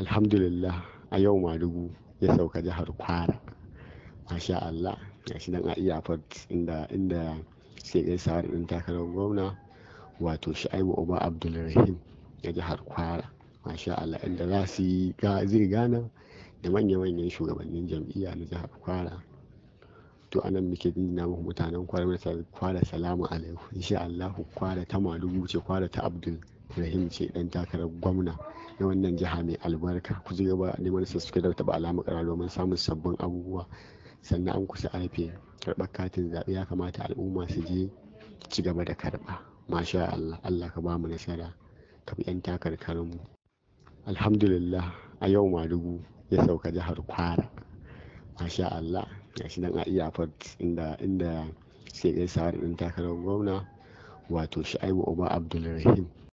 alhamdulillah a yau madugu ya sauka jihar kwara masha allah ya shi nan a iyafat inda inda sai sa ɗin takarar gwamna wato sha'ibu uba abdulrahim ya jihar kwara masha allah inda za su yi zai gana da manya-manyan shugabannin jam'iyya na jihar kwara to anan muke jinjina muku mutanen kwara kwara salamu alaikum insha allah kwara ta madugu ce kwara ta abdul Ibrahim ce dan takarar gwamna na wannan jiha mai albarka ku ci gaba neman su suke dauta ba alamu kara domin samun sabbin abubuwa sannan an kusa arfe karɓar katin zaɓe ya kamata al'umma su je ci gaba da karɓa masha Allah Allah ka ba mu nasara ka bi 'yan takarkarinmu alhamdulillah a yau madugu ya sauka jihar kwara masha Allah ya shi nan a iyafat inda inda sai gaisawar ɗin takarar gwamna wato sha'ibu uba abdulrahim